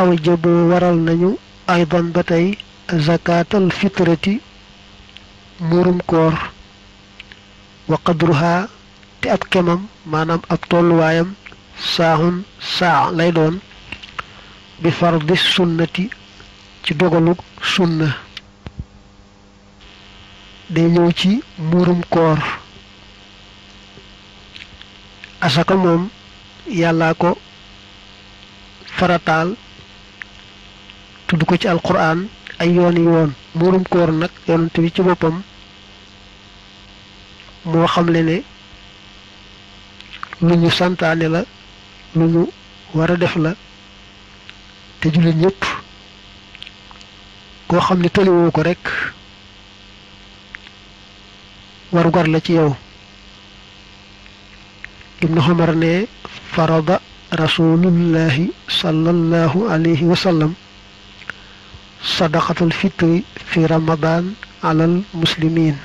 aw jëbu waral nañu aydan ba tey zakatal fitrati muurum koor wa qadruha te ab kemam maanaam ab tolluwaayam saaxun saa lay doon bi fardi sunnati ci dogalu sunna day ñëw ci muurum koor asaka moom yàllaa ko farataal tudd ko ci alquran ay yoon yi woon muurum koor nag yonent bi ci boppam moo xamle ne lu ñu santaane la lu ñu war a def la te jullit ñëpp koo xam ne tëliwoo ko rekk warugar la ci yow ibnu xamar ne farada rasulullahi sallallahu alayhi wa sallam sadaqatul fitri fi ramadan alal muslimin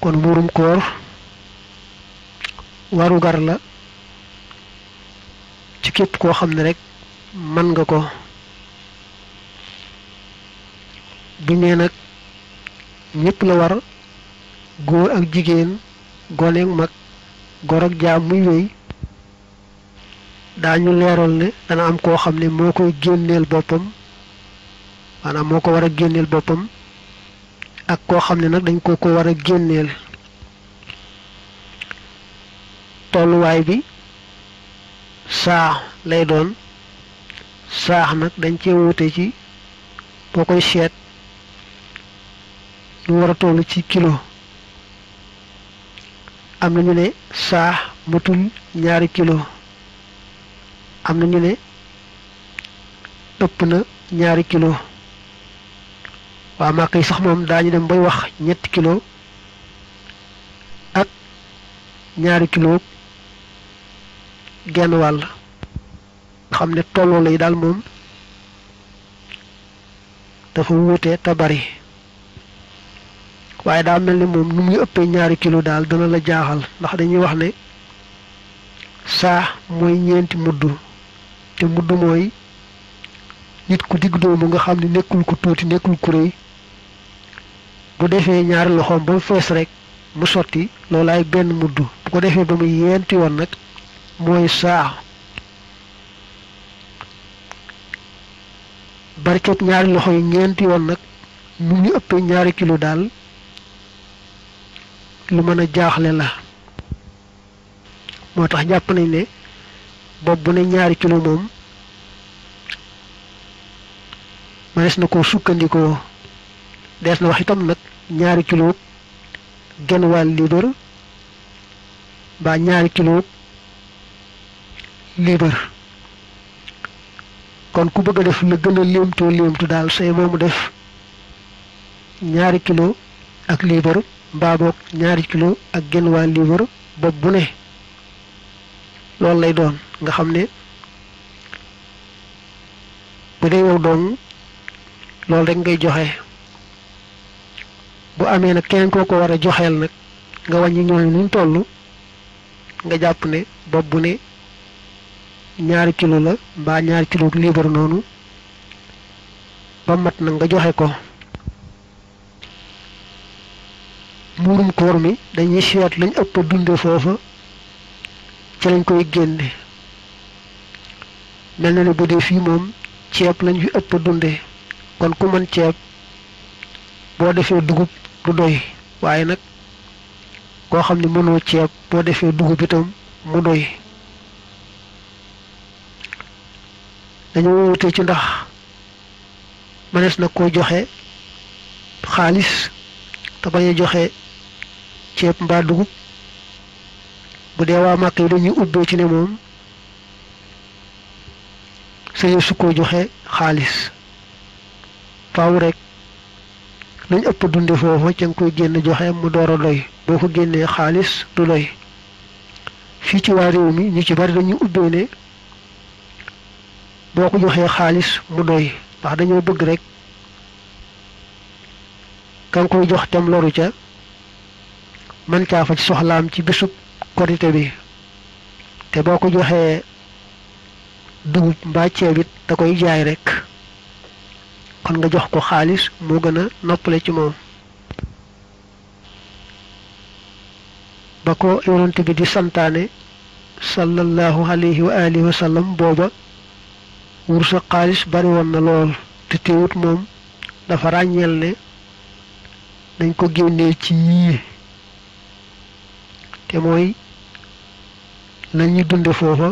kon muurum koor warugar la ci képp koo xam ne rekk mën nga ko bu nee nag ñépp la war góor ak jigéen gone ak mag gor ak jaam muy wéy daañu leeral ne dana am koo xam ne moo koy génneel boppam maanaam moo ko war a génneel boppam ak koo xam ne nag dañ ko ko war a génneel tolluwaay bi saax lay doon saax nag dañ cee wuute ci boo koy seet ñu war a toll ci kilo am na ne saax matul ñaari kilo am na ñu ne ëpp na ñaari kilo waa màkk yi sax moom daañu dem bay wax ñetti kilo ak ñaari kilo genn wàll xam ne tolloo lay daal moom dafa wuute te bari waaye daa mel ni moom nu muy ëppee ñaari kilo daal dana la jaaxal ndax dañuy wax ne saa mooy ñeenti mudd te mudd mooy nit ku digg doomu nga xam ne nekkul ko tuuti nekkul ku bu defee ñaari loxoom ba mu fees rek mu sotti loolaay benn mudd bu ko defee ba mu yeenti woon nag mooy saa barket ñaari loxo yi ñeenti yoon nag mu ñu ëpp ñaari kilo daal lu mën a jaaxle la moo tax jàpp nañ ne bopp bu ñaari kilo moom mënees na ko sukkandikoo dees na wax itam nag ñaari kilo genn wàll liibar mbaa ñaari kilo liibar kon ku bëgg a def la gën a léemtoo léemtu daal say moomu def ñaari kilo ak liibar mbaa boog ñaari kilo ak genn wàll liibar bopp bu loolu lay doon nga xam ne bu dee yow dong loolu rekk ngay joxe bu amee nag kenn koo ko war a joxeel nag nga wàññi ñooñu nuñ toll nga jàpp ne bopp bu ne ñaari kilo la mbaa ñaari kilo liibar noonu ba mat na nga joxe ko muurum koor mi dañuy seet lañ ëpp a dunde foofa ci lañ koy génne mel na ni bu dee fii moom ceeb lañ fi ëpp dunde kon ku mën ceeb boo defee dugub du doy waaye nag koo xam ni mënoo ceeb boo defee dugub itam mu doy dañoo wute ci ndax mënees na koo joxe xaalis te bañ a joxe ceeb mbaa dugub bu dee waa màkk yi dañuy ubbee ci ne moom sañu su ko joxe xaalis faaw rek nañ ëpp dunde foofu ca génn joxe mu doora a doy boo ko génnee xaalis du doy fii ci waa réew mi ñu ci bari dañuy ubbee ne boo ko joxee xaalis mu doy ndax dañoo bëgg rek ka nga jox tem loru ca mën caa faj soxlaam ci bésub korite bi te boo ko joxee dugub mbaa ceeb it da koy jaay rekk kon nga jox ko xaalis moo gën a noppale ci moom ba ko yonent bi di santaane sallallahu alayhi wa alihi sallam booba wursa xaalis bari woon na lool te moom dafa ràññeel ne dañ ko génnee ci yii te mooy nañu dunde foofa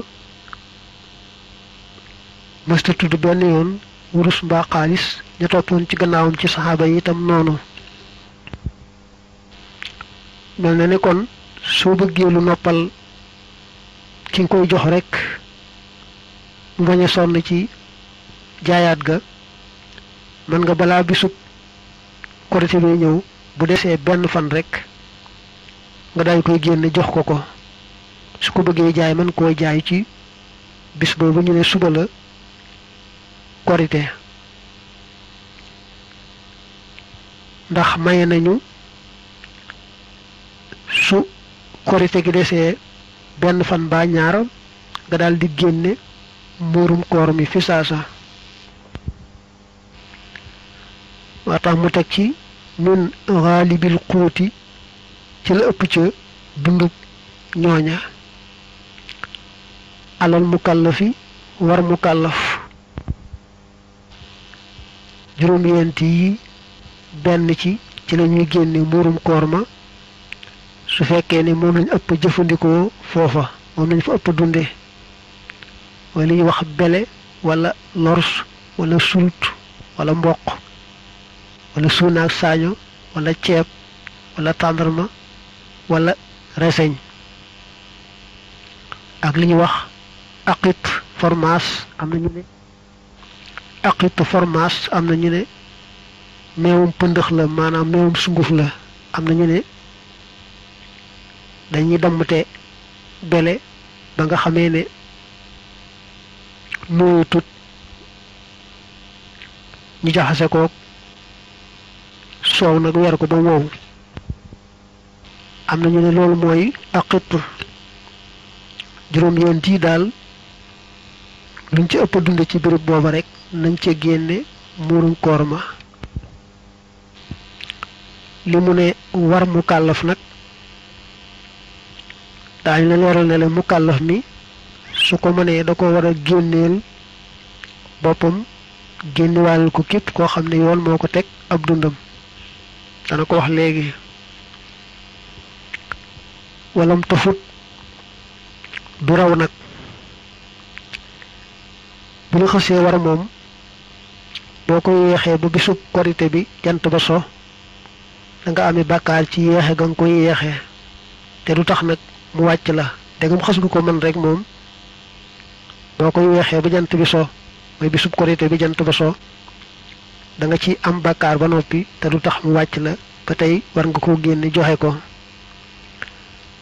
mësta tudd benn yoon wurus mbaa xaalis ña toppoon ci gannaawam ci saxaaba yi itam noonu mel na nekkoon kon soo bëggee lu noppal ki nga koy jox rekk mu bañ sonn ci jaayaat ga mën nga balaa bisub korite bi ñëw bu desee benn fan rekk nga daal koy génne jox ko ko su ko bëggee jaay mën koo jaay ci bis boobu ñu ne suba la korite ndax maye nañu su korite gi desee benn fan baa ñaar nga daal di génne muurum koor mi fi saasa waa tax mu teg ci min xaalibil xuuti ci la ëpp ca dundub ñooña alal mukallafi war mukallaf juróom-ñeent yi benn ci ci la ñuy génne muurum koor ma su fekkee ne moom lañ ëpp jëfandikoo foofa moom lañ fa ëpp dunde wala li wax bele walla lors walla sulut walla mboq wala suunaak saaño walla ceeb wala tàndarma wala reseñ ak liñu wax aqit formas amna ñu ne aqit formas amna ñu ne meewum pëndëx la manam meewum sunguf la amna ñu ne dañuy bele ba nga xamé ne tut ñu jaxase ko soow nak weer ko ba woowu am na ñu ne loolu mooy aqitu juróom-ñeent yi daal luñ ci ëpp dund ci béréb booba rek nañ ca génne muurum koor ma li mu ne war mu kàllaf nag daañu la leeral ne la mu kàllaf mi su ko mënee da ko war a génneel boppam génniwaalal ko képp koo xam ne yoon moo ko teg ab dundam dana ko wax léegi walam tafut du raw nag bu ñu xasee war moom boo ko yeexee ba bisu korité bi jant ba so da nga ami bàkkaar ci yeexe ga nga koy yeexe te du tax nag mu wàcc la te gam xas ko mën rek moom boo ko yeexee ba jant bi so mooy bisu korité bi jant ba so da ci am bàkkaar ba noppi te du tax mu wàcc la ba tey war nga ko génne joxe ko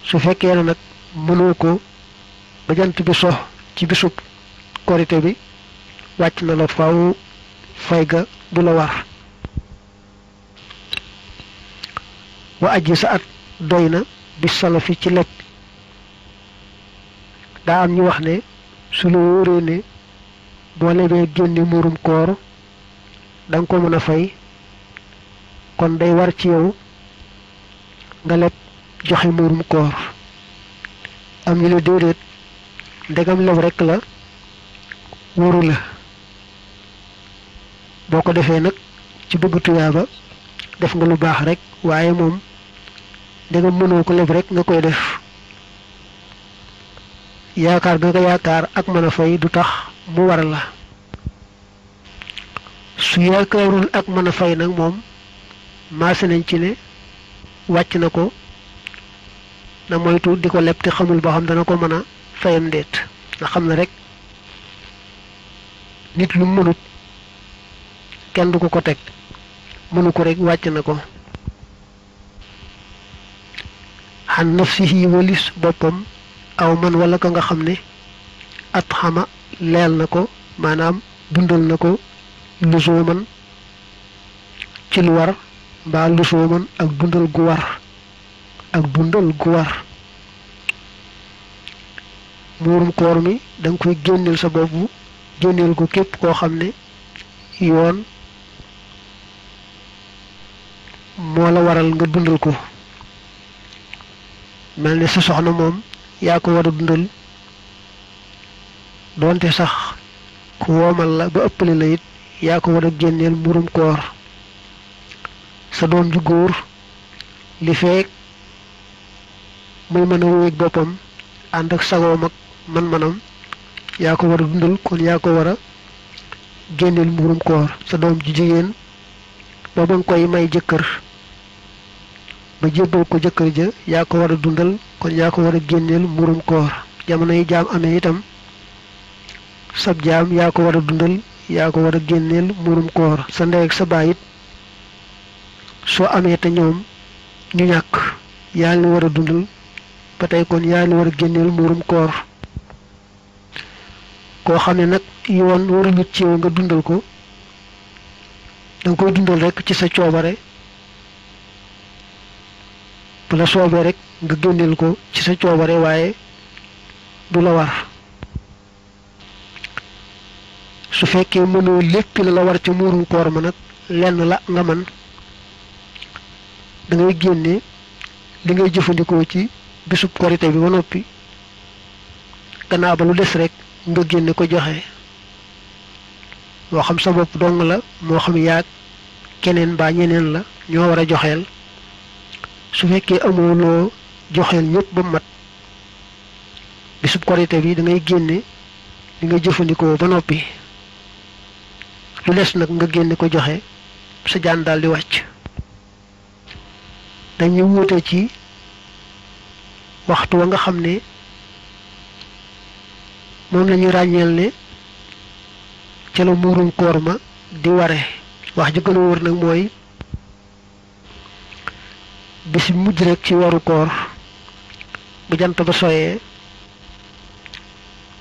su fekkee ne nag mënoo ko ba jant bi sox ci bisu korité bi wàcc na la faaw fay ga du la war wa aji sa at doy na bi salafi ci lekk daa am ñu wax ne su la wóoree ne boo lebee génne muurum koor danga ko mën a fay kon day war ci yow nga leb joxe mburum koor am ñu ne déedéet ndegam leb rekk la wóoru la boo ko defee nag ci bëgg tuyaaba def nga lu baax rek waaye moom ndegam mënoo ko leb rek nga koy def yaakaar nga ko yaakaar ak mën fay du tax mu war la su yaakaarul ak mën fay nag moom maase nañ ci ne wàcc na ko na moytu di ko leb te xamul boo xam dana ko mën a fayam déet nga xam ne rek nit lu mënut kenn du ko ko teg mënu ko rek wàcc na ko xan nafsihi walis boppam aw man wala ka nga xam ni at xama leel na ko maanaam dundal na ko lusoo man ci lu war mbaa lusoo man ak dundal gu war ak dundal gu war muurum koor mi danga koy génneel sa bopp génneel ko képp koo xam ne yoon moo la waral nga dundal ko mel ne sa soxna moom yaa ko war a dundal doonte sax ku woomal la ba ëppale la it yaa ko war a génneel muurum koor sa doom ju góor li feek muy mën a wóoj boppam ànd ak sagoom ak man-manam yaa ko war a dundal kon yaa ko war a génneel mburum koor sa doom ju jigéen ba ba koy may jëkkër ba jébbal ko jëkkër ja yaa ko war a dundal kon yaa ko war a génneel mburum koor jamono yi jaam amee itam sab jaam yaa ko war a dundal yaa ko war a génneel mburum koor sa ndey ak sa baay it soo amee te ñoom ñu ñàkk yaa ngi war a dundal ba tey kon yaa ngi war a génneel muurum koor koo xam ne nag yoon waruñut ci yow nga dundal ko da nga koy dundal rek ci sa coobare bu la soobee rek nga génneel ko ci sa coobare waaye du la war su fekkee mënoo lépp la la war ca muurum koor ma nag lenn la nga man da ngay génne li ngay jëfandikoo ci bisub korite bi ba noppi gannaaw ba lu des rek nga génne ko joxe moo xam sa bopp dong la moo xam yaag keneen ba ñeneen la ñoo war a joxeel su fekkee amoo loo joxeel ñëpp ba mat bisub korite bi dangay ngay génne li jëfandikoo ba noppi lu des nag nga génne ko joxe sa jaan daal di wàcc dañuy waxtu wa nga xam ne moom lañuy ñu ràññeel ne ca la muurum koor ma di ware wax ji gën a nag mooy bisi mujj rek ci waru koor bu jant ba soyee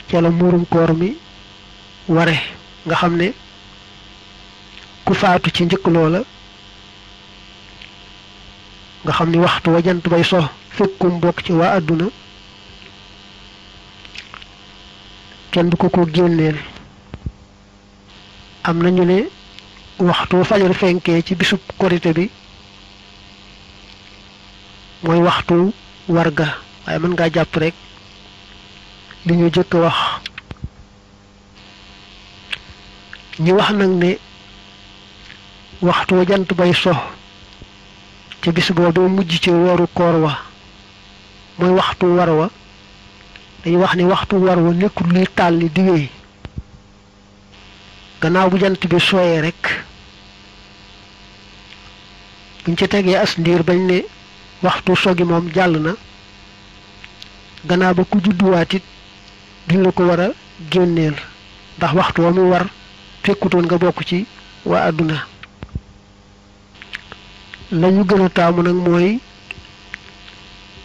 ca la muurum koor mi ware nga xam ne ku faatu ci njëkk loola nga xam ni waxtu wa jant bay so fukum bok ci wa aduna kenn ko ko gennel amna ñu ne waxtu fajar fenke ci bisub korité bi moy waxtu warga ayaman man nga japp rek li ñu jëk wax ñu wax nak ne waxtu jant bay sox ci do mujj ci woru koor wax mooy waxtu war wa dañuy wax ni waxtu war wa nekkul luy tàlli di wéy gannaaw bu jant bi sooyee rek buñ ci tegee as ndiir bañ ne waxtu sogi moom jàll na gannaaw ba ku judduwaat it duñ la ko war a génneel ndax waxtu wa mu war fekkutoon nga bokk ci waa àdduna la ñu gën a taamu nag mooy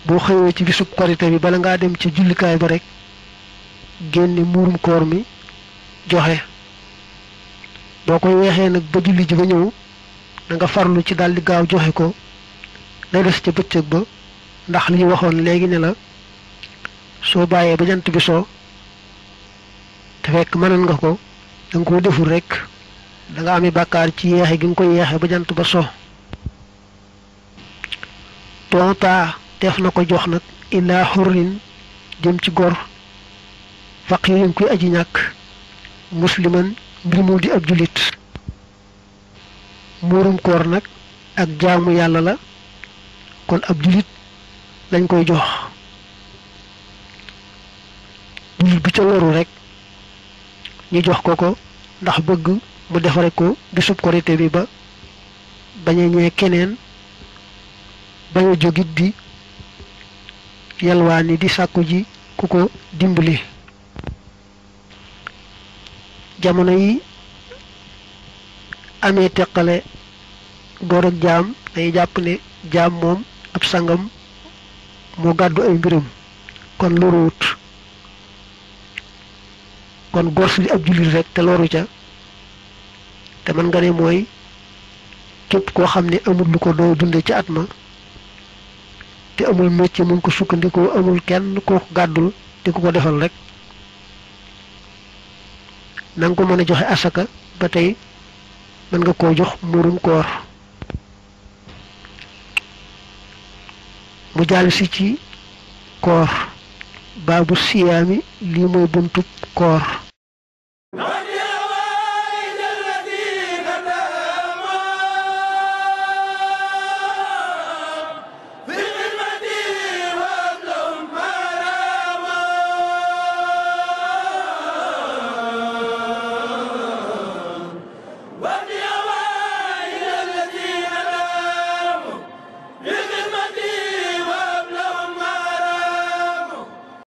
boo xëyoo ci bisub korite bi bala ngaa dem ca jullikaay ba rek génne muurum koor mi joxe boo koy weexee nag ba julli ji ba ñëw da nga farlu ci daldi gaaw joxe ko day des ca bëccëg ba ndax li ñu waxoon léegi ne la soo bàyyee ba jant bi soo te fekk mënoon nga ko da ko deful rek danga nga amee bàkkaar ci yeexe gi nga koy yeexe ba jant ba so. def na ko jox nag ilaa xurrin jëm ci gor faqirin kuy aji ñàkk musliman mbir mu di ab jullit muurum koor nag ak jaamu yàlla la kon ab jullit lañ koy jox jullit bu ca loru rek ñu jox ko ko ndax bëgg mu defare ko bisub korité bi ba bañ a ñee keneen bañ jógit di yalwaani di sàkku ji ku ko dimbali jamono yi amee teqale góor ak jaam day jàpp ne jaam moom ab sangam moo gàddu ay mbiram kon loruwut kon gors li ab jullit rek te loru ca te mën nga ne mooy képp koo xam ne amul lu ko doo dunde ci at ma ci amul mucc mu ngi ko sukkandikoo amul kenn gàddul di ko ko defal rek na ko mën a joxe asaka ba tey mën nga koo jox muurum koor mu jàll si ci koor baabu siyaami lii mooy buntub koor